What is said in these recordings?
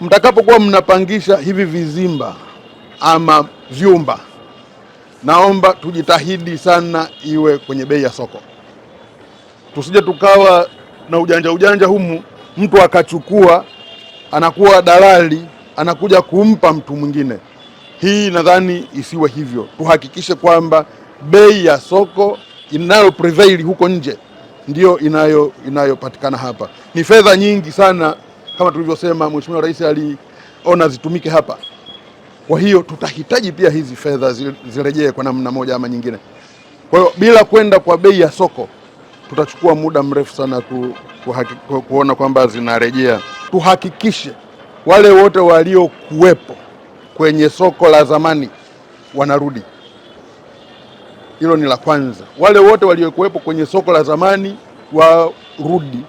mtakapokuwa mnapangisha hivi vizimba ama vyumba, naomba tujitahidi sana iwe kwenye bei ya soko, tusije tukawa na ujanja ujanja humu, mtu akachukua anakuwa dalali anakuja kumpa mtu mwingine. Hii nadhani isiwe hivyo, tuhakikishe kwamba bei ya soko inayo prevail huko nje ndiyo inayopatikana inayo hapa. Ni fedha nyingi sana kama tulivyosema, Mheshimiwa Rais aliona zitumike hapa. Kwa hiyo tutahitaji pia hizi fedha zirejee kwa namna moja ama nyingine. Kwa hiyo bila kwenda kwa bei ya soko, tutachukua muda mrefu sana ku, kuhaki, ku, kuona kwamba zinarejea. Tuhakikishe wale wote waliokuwepo kwenye soko la zamani wanarudi. Hilo ni la kwanza. Wale wote waliokuwepo kwenye soko la zamani warudi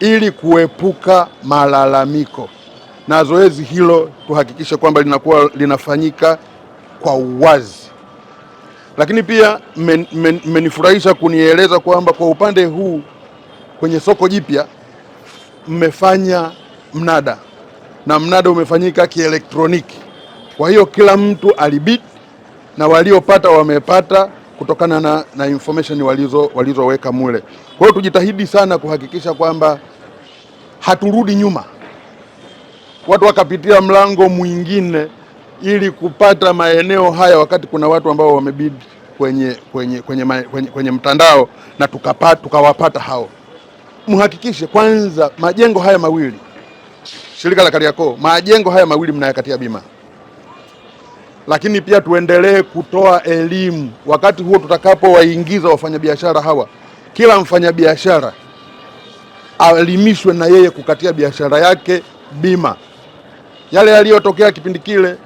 ili kuepuka malalamiko, na zoezi hilo tuhakikishe kwamba linakuwa linafanyika kwa uwazi. Lakini pia mmenifurahisha men, kunieleza kwamba kwa upande huu kwenye soko jipya mmefanya mnada na mnada umefanyika kielektroniki. Kwa hiyo kila mtu alibid na waliopata wamepata kutokana na, na information walizoweka mule. Kwa hiyo tujitahidi sana kuhakikisha kwamba haturudi nyuma, watu wakapitia mlango mwingine ili kupata maeneo haya, wakati kuna watu ambao wamebidi kwenye, kwenye, kwenye, kwenye, kwenye mtandao na tukawapata hao. Mhakikishe kwanza majengo haya mawili, shirika la Kariakoo, majengo haya mawili mnayakatia bima lakini pia tuendelee kutoa elimu. Wakati huo tutakapowaingiza wafanyabiashara hawa, kila mfanyabiashara alimishwe na yeye kukatia biashara yake bima. Yale yaliyotokea kipindi kile,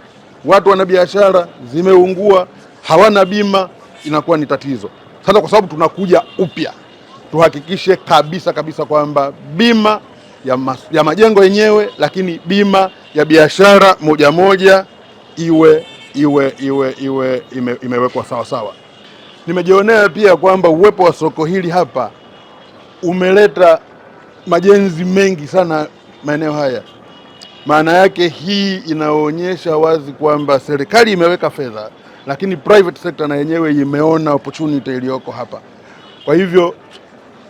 watu wana biashara zimeungua, hawana bima, inakuwa ni tatizo. Sasa kwa sababu tunakuja upya, tuhakikishe kabisa kabisa kwamba bima ya, mas, ya majengo yenyewe, lakini bima ya biashara moja moja iwe iwe iwe iwe ime, imewekwa sawa sawa. Nimejionea pia kwamba uwepo wa soko hili hapa umeleta majenzi mengi sana maeneo haya. Maana yake hii inaonyesha wazi kwamba serikali imeweka fedha, lakini private sector na yenyewe imeona opportunity iliyoko hapa. Kwa hivyo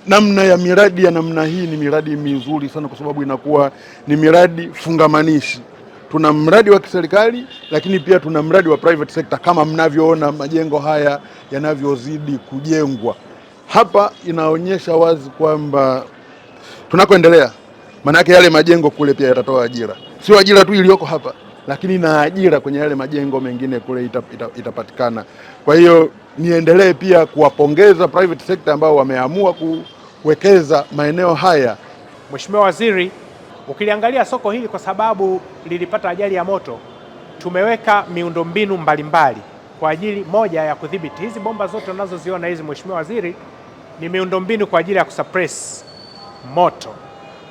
namna ya miradi ya namna hii ni miradi mizuri sana, kwa sababu inakuwa ni miradi fungamanishi tuna mradi wa kiserikali lakini pia tuna mradi wa private sector, kama mnavyoona majengo haya yanavyozidi kujengwa hapa, inaonyesha wazi kwamba tunakoendelea, maanake yale majengo kule pia yatatoa ajira, sio ajira tu iliyoko hapa, lakini na ajira kwenye yale majengo mengine kule itapatikana ita, ita. Kwa hiyo niendelee pia kuwapongeza private sector ambao wameamua kuwekeza maeneo haya. Mheshimiwa Waziri Ukiliangalia soko hili kwa sababu lilipata ajali ya moto, tumeweka miundombinu mbalimbali kwa ajili moja ya kudhibiti hizi bomba zote unazoziona hizi, Mheshimiwa Waziri, ni miundombinu kwa ajili ya kusuppress moto.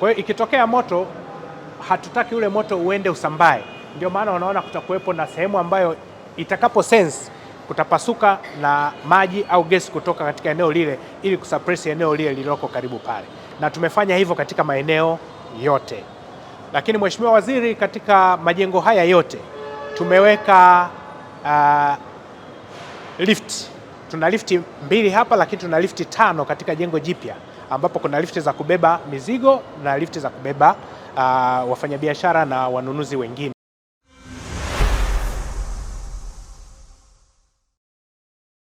Kwa hiyo ikitokea moto, hatutaki ule moto uende usambae. Ndio maana unaona kutakuwepo na sehemu ambayo itakapo sense kutapasuka na maji au gesi kutoka katika eneo lile ili kusuppress eneo lile lililoko karibu pale, na tumefanya hivyo katika maeneo yote. Lakini Mheshimiwa Waziri, katika majengo haya yote tumeweka uh, lift. Tuna lifti mbili hapa, lakini tuna lifti tano katika jengo jipya ambapo kuna lifti za kubeba mizigo na lifti za kubeba uh, wafanyabiashara na wanunuzi wengine.